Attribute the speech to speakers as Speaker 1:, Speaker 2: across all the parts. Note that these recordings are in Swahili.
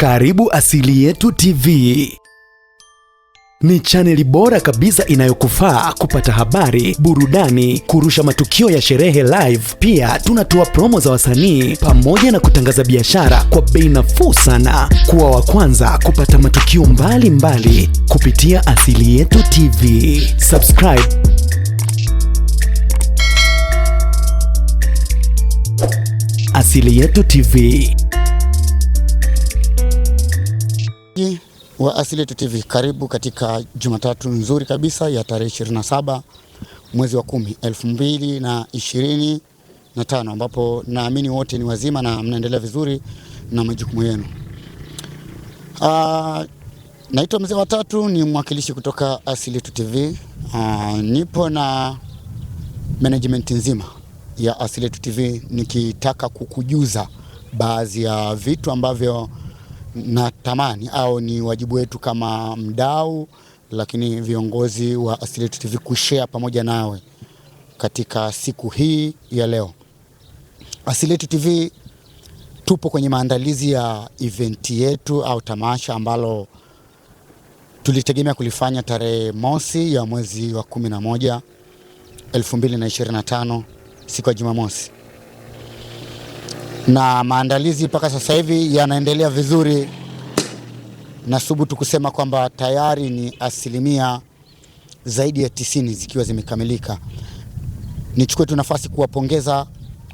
Speaker 1: Karibu Asili Yetu TV. Ni chaneli bora kabisa inayokufaa kupata habari, burudani, kurusha matukio ya sherehe live. Pia tunatoa promo za wasanii pamoja na kutangaza biashara kwa bei nafuu sana. Kuwa wa kwanza kupata matukio mbalimbali mbali kupitia Asili Yetu TV. Subscribe. Asili Yetu TV. wa Asili Yetu TV, karibu katika Jumatatu nzuri kabisa ya tarehe 27 mwezi wa 10 2025 na tano, ambapo naamini wote ni wazima na mnaendelea vizuri na majukumu yenu. Ah, naitwa Mzee watatu ni mwakilishi kutoka Asili Yetu TV. Aa, ah, nipo na management nzima ya Asili Yetu TV nikitaka kukujuza baadhi ya vitu ambavyo natamani au ni wajibu wetu kama mdau, lakini viongozi wa Asili Yetu TV kushare pamoja nawe katika siku hii ya leo. Asili Yetu TV tupo kwenye maandalizi ya eventi yetu au tamasha ambalo tulitegemea kulifanya tarehe mosi ya mwezi wa 11 2025 siku ya Jumamosi na maandalizi mpaka sasa hivi yanaendelea vizuri. subutu kusema kwamba tayari ni asilimia zaidi ya tisini zikiwa zimekamilika. Nichukue tu nafasi kuwapongeza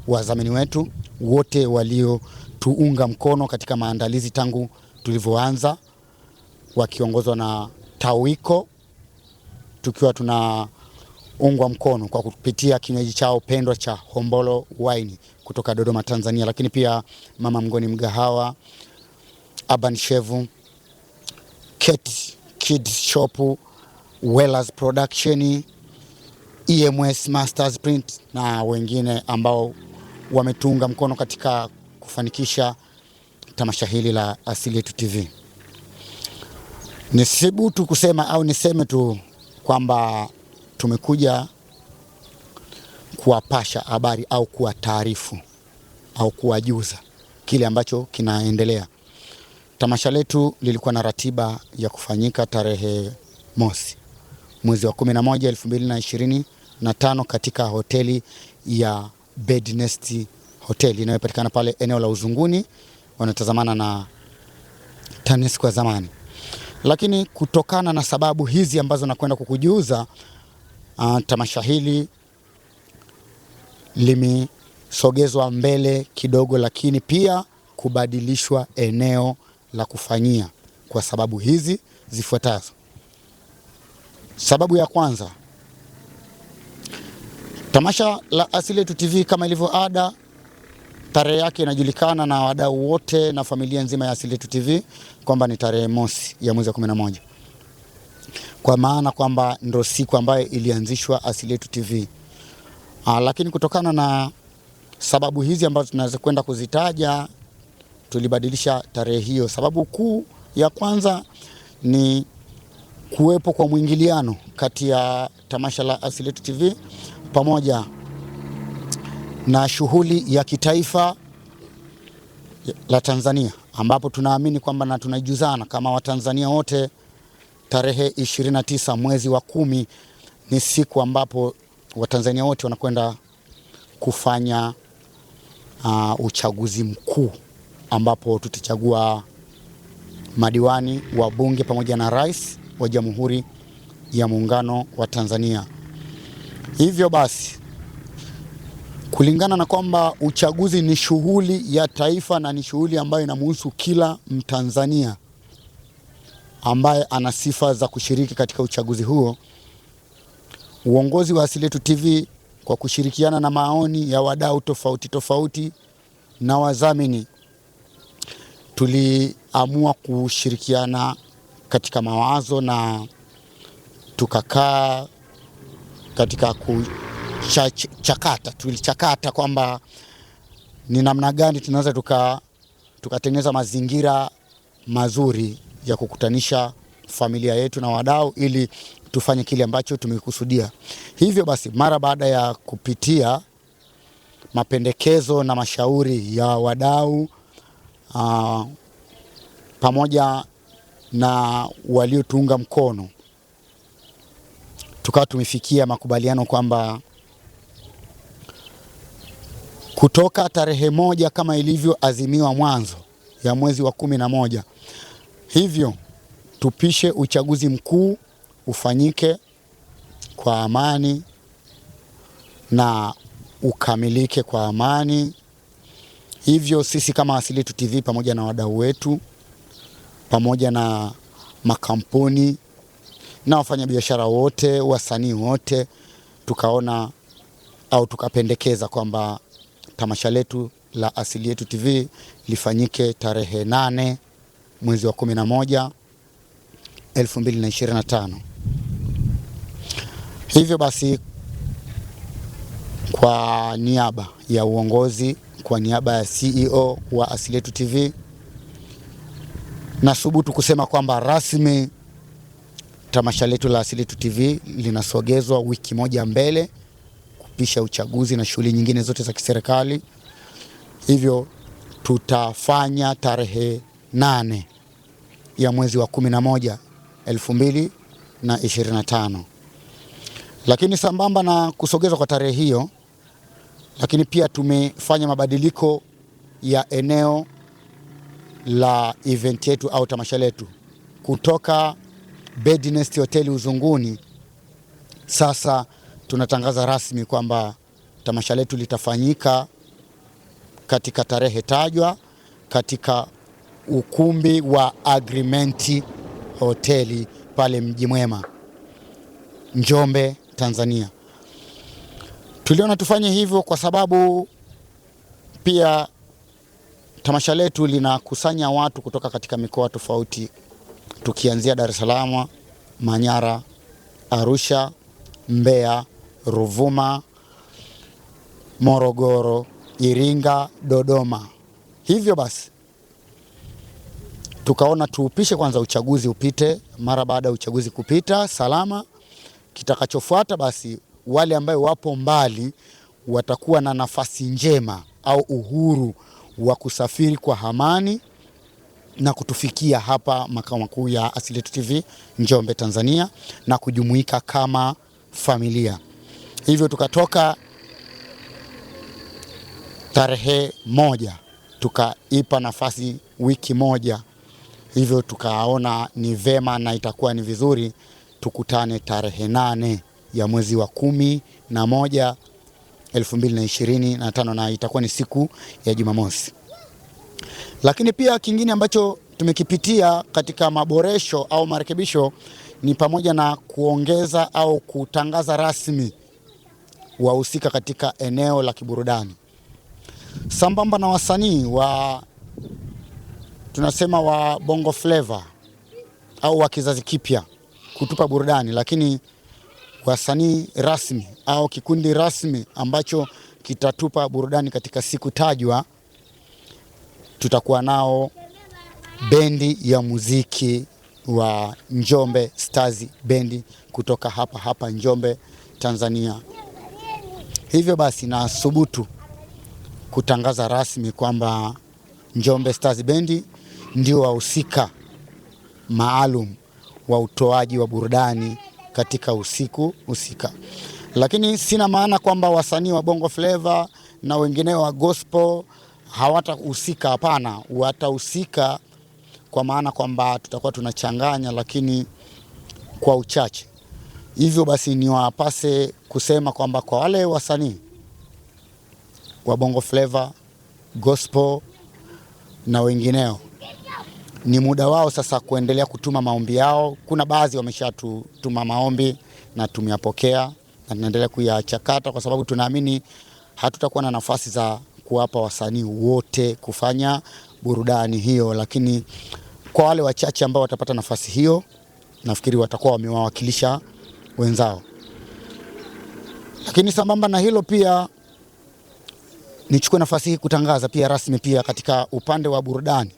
Speaker 1: wadhamini wetu wote waliotuunga mkono katika maandalizi tangu tulivyoanza, wakiongozwa na TAWICO tukiwa tuna ungwa mkono kwa kupitia kinywaji chao pendwa cha Hombolo Wine kutoka Dodoma, Tanzania, lakini pia Mama mgoni Mgahawa, Urban Shevu, Kate Kids Shop, Wellers Production, EMS Masters Print na wengine ambao wametunga mkono katika kufanikisha tamasha hili la Asili Yetu TV. nisibutu kusema au niseme tu kwamba tumekuja kuwapasha habari au kuwataarifu au kuwajuza kile ambacho kinaendelea. Tamasha letu lilikuwa na ratiba ya kufanyika tarehe mosi mwezi wa 11 2025 katika hoteli ya Bednest Hotel inayopatikana pale eneo la Uzunguni, wanatazamana na TANESCO kwa zamani, lakini kutokana na sababu hizi ambazo nakwenda kukujuza uh, tamasha hili limesogezwa mbele kidogo, lakini pia kubadilishwa eneo la kufanyia kwa sababu hizi zifuatazo. Sababu ya kwanza, tamasha la Asili Yetu TV kama ilivyo ada, tarehe yake inajulikana na wadau wote na familia nzima ya Asili Yetu TV kwamba ni tarehe mosi ya mwezi wa 11 kwa maana kwamba ndo siku ambayo ilianzishwa Asili Yetu TV. Aa, ah, lakini kutokana na sababu hizi ambazo tunaweza kwenda kuzitaja tulibadilisha tarehe hiyo. Sababu kuu ya kwanza ni kuwepo kwa mwingiliano kati ya tamasha la Asili Yetu TV pamoja na shughuli ya kitaifa la Tanzania ambapo tunaamini kwamba na tunajuzana kama Watanzania wote tarehe 29 mwezi wa kumi ni siku ambapo Watanzania wote wanakwenda kufanya uh, uchaguzi mkuu ambapo tutachagua madiwani, wa bunge pamoja na rais wa Jamhuri ya Muungano wa Tanzania. Hivyo basi, kulingana na kwamba uchaguzi ni shughuli ya taifa na ni shughuli ambayo inamhusu kila Mtanzania, ambaye ana sifa za kushiriki katika uchaguzi huo. Uongozi wa Asili Yetu TV kwa kushirikiana na maoni ya wadau tofauti tofauti na wadhamini, tuliamua kushirikiana katika mawazo na tukakaa katika kuchakata, tulichakata kwamba ni namna gani tunaweza tukatengeneza tuka mazingira mazuri ya kukutanisha familia yetu na wadau ili tufanye kile ambacho tumekusudia. Hivyo basi, mara baada ya kupitia mapendekezo na mashauri ya wadau uh, pamoja na waliotuunga mkono, tukawa tumefikia makubaliano kwamba kutoka tarehe moja kama ilivyoazimiwa mwanzo ya mwezi wa kumi na moja Hivyo tupishe uchaguzi mkuu ufanyike kwa amani na ukamilike kwa amani. Hivyo sisi kama asili yetu TV pamoja na wadau wetu pamoja na makampuni na wafanyabiashara wote, wasanii wote, tukaona au tukapendekeza kwamba tamasha letu la Asili Yetu TV lifanyike tarehe nane mwezi wa 11 2025. Hivyo basi kwa niaba ya uongozi, kwa niaba ya CEO wa Asili Yetu TV subutu kusema kwamba rasmi tamasha letu la Asili Yetu TV linasogezwa wiki moja mbele kupisha uchaguzi na shughuli nyingine zote za kiserikali. Hivyo tutafanya tarehe nane ya mwezi wa kumi na moja elfu mbili na ishirini na tano. Lakini sambamba na kusogezwa kwa tarehe hiyo, lakini pia tumefanya mabadiliko ya eneo la event yetu au tamasha letu kutoka Bednest Hoteli Hotel Uzunguni. Sasa tunatangaza rasmi kwamba tamasha letu litafanyika katika tarehe tajwa katika ukumbi wa Agreement hoteli pale Mji Mwema, Njombe, Tanzania. Tuliona tufanye hivyo kwa sababu pia tamasha letu linakusanya watu kutoka katika mikoa tofauti, tukianzia Dar es Salaam, Manyara, Arusha, Mbeya, Ruvuma, Morogoro, Iringa, Dodoma. Hivyo basi tukaona tuupishe kwanza uchaguzi upite. Mara baada ya uchaguzi kupita salama, kitakachofuata basi wale ambayo wapo mbali watakuwa na nafasi njema au uhuru wa kusafiri kwa amani na kutufikia hapa makao makuu ya Asili Yetu TV Njombe, Tanzania na kujumuika kama familia. Hivyo tukatoka tarehe moja tukaipa nafasi wiki moja hivyo tukaona ni vema na itakuwa ni vizuri tukutane tarehe nane ya mwezi wa kumi na moja elfu mbili na ishirini na tano na itakuwa ni siku ya Jumamosi. Lakini pia kingine ambacho tumekipitia katika maboresho au marekebisho ni pamoja na kuongeza au kutangaza rasmi wahusika katika eneo la kiburudani sambamba na wasanii wa tunasema wa bongo flavor au wa kizazi kipya kutupa burudani, lakini wasanii rasmi au kikundi rasmi ambacho kitatupa burudani katika siku tajwa, tutakuwa nao bendi ya muziki wa Njombe Stars bendi kutoka hapa hapa Njombe, Tanzania. Hivyo basi na kutangaza rasmi kwamba Njombe Stars bendi ndio wahusika maalum wa utoaji wa burudani katika usiku husika, lakini sina maana kwamba wasanii wa Bongo Flava na wengineo wa gospel hawatahusika. Hapana, watahusika kwa maana kwamba tutakuwa tunachanganya, lakini kwa uchache. Hivyo basi niwapase kusema kwamba kwa wale wasanii wa Bongo Flava, gospel na wengineo ni muda wao sasa kuendelea kutuma maombi yao. Kuna baadhi wameshatuma maombi na tumeyapokea na tunaendelea kuyachakata, kwa sababu tunaamini hatutakuwa na nafasi za kuwapa wasanii wote kufanya burudani hiyo, lakini kwa wale wachache ambao watapata nafasi hiyo, nafikiri watakuwa wamewawakilisha wenzao. Lakini sambamba na hilo pia nichukue nafasi hii kutangaza pia rasmi pia katika upande wa burudani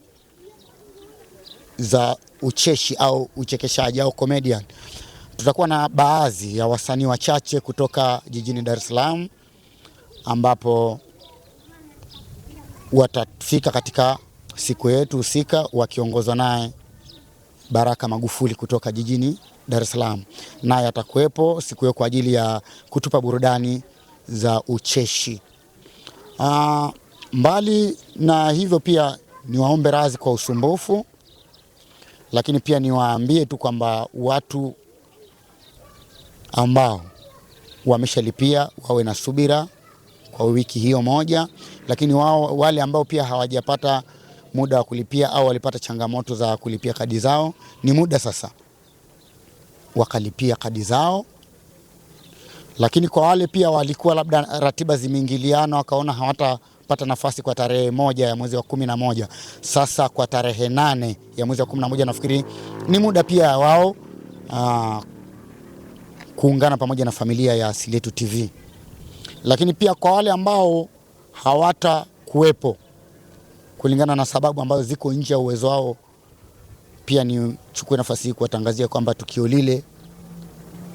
Speaker 1: za ucheshi au uchekeshaji au comedian. Tutakuwa na baadhi ya wasanii wachache kutoka jijini Dar es Salaam ambapo watafika katika siku yetu husika wakiongozwa naye Baraka Magufuli kutoka jijini Dar es Salaam, naye atakuwepo siku hiyo kwa ajili ya kutupa burudani za ucheshi. Aa, ah, mbali na hivyo pia niwaombe radhi kwa usumbufu lakini pia niwaambie tu kwamba watu ambao wameshalipia wawe na subira kwa wiki hiyo moja, lakini wao wale ambao pia hawajapata muda wa kulipia au walipata changamoto za kulipia kadi zao, ni muda sasa wakalipia kadi zao. Lakini kwa wale pia walikuwa labda ratiba zimeingiliana, wakaona hawata kupata nafasi kwa tarehe moja ya mwezi wa kumi na moja. Sasa kwa tarehe nane ya mwezi wa kumi na moja nafikiri ni muda pia wao ah, kuungana pamoja na familia ya Asili Yetu TV, lakini pia kwa wale ambao hawata kuwepo kulingana na sababu ambazo ziko nje ya uwezo wao, pia nichukue nafasi hii kuwatangazia kwamba tukio lile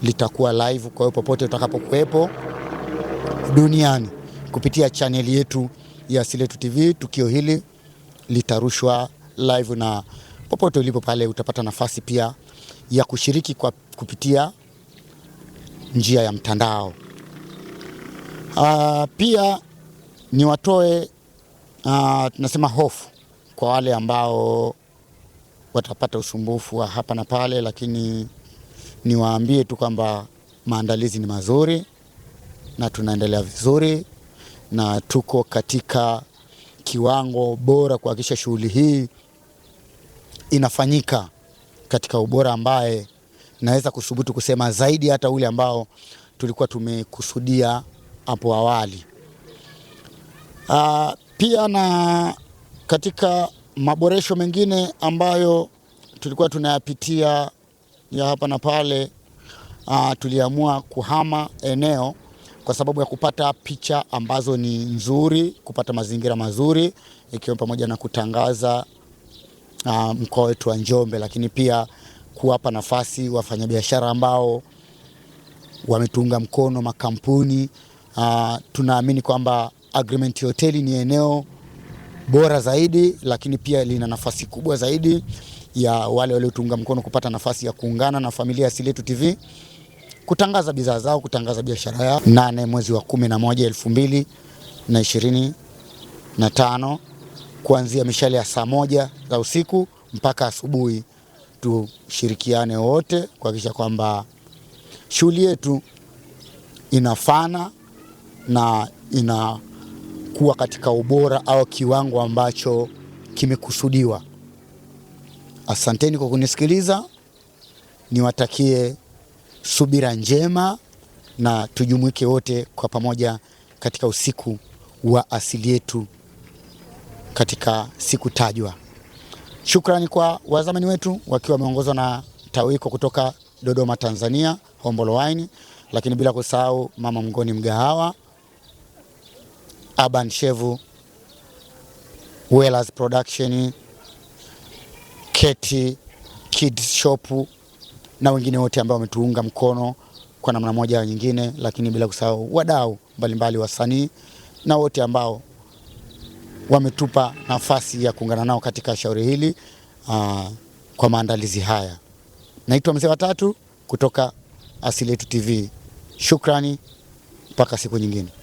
Speaker 1: litakuwa live. Kwa hiyo popote utakapokuwepo duniani kupitia chaneli yetu ya Siletu TV. Tukio hili litarushwa live na popote ulipo pale utapata nafasi pia ya kushiriki kwa kupitia njia ya mtandao. Aa, ah, pia ni watoe ah, tunasema hofu kwa wale ambao watapata usumbufu wa hapa na pale, lakini niwaambie tu kwamba maandalizi ni mazuri na tunaendelea vizuri na tuko katika kiwango bora kuhakikisha shughuli hii inafanyika katika ubora ambaye naweza kuthubutu kusema zaidi hata ule ambao tulikuwa tumekusudia hapo awali. Aa, ah, pia na katika maboresho mengine ambayo tulikuwa tunayapitia ya hapa na pale, aa, ah, tuliamua kuhama eneo kwa sababu ya kupata picha ambazo ni nzuri, kupata mazingira mazuri, ikiwa pamoja na kutangaza uh, mkoa wetu wa Njombe, lakini pia kuwapa nafasi wafanyabiashara ambao wametuunga mkono, makampuni uh, tunaamini kwamba Agreement Hoteli ni eneo bora zaidi, lakini pia lina nafasi kubwa zaidi ya wale waliotuunga mkono kupata nafasi ya kuungana na familia ya Asili Yetu TV kutangaza bidhaa zao, kutangaza biashara yao. Nane mwezi wa kumi na moja elfu mbili na ishirini na tano kuanzia mishale ya saa moja za usiku mpaka asubuhi. Tushirikiane wote kuhakikisha kwamba shughuli yetu inafana na inakuwa katika ubora au kiwango ambacho kimekusudiwa. Asanteni kwa kunisikiliza, niwatakie subira njema na tujumuike wote kwa pamoja katika usiku wa asili yetu katika siku tajwa. Shukrani kwa wazamani wetu wakiwa wameongozwa na Tawiko kutoka Dodoma, Tanzania, Hombolo Wine, lakini bila kusahau Mama Mngoni Mgahawa, Aban Shevu, Wellers Production, Keti Kids Shop na wengine wote ambao wametuunga mkono kwa namna moja au nyingine, lakini bila kusahau wadau mbalimbali, wasanii na wote ambao wametupa nafasi ya kuungana nao katika shauri hili aa, ah, kwa maandalizi haya. Naitwa Mzee watatu kutoka Asili Yetu TV. Shukrani, mpaka siku nyingine.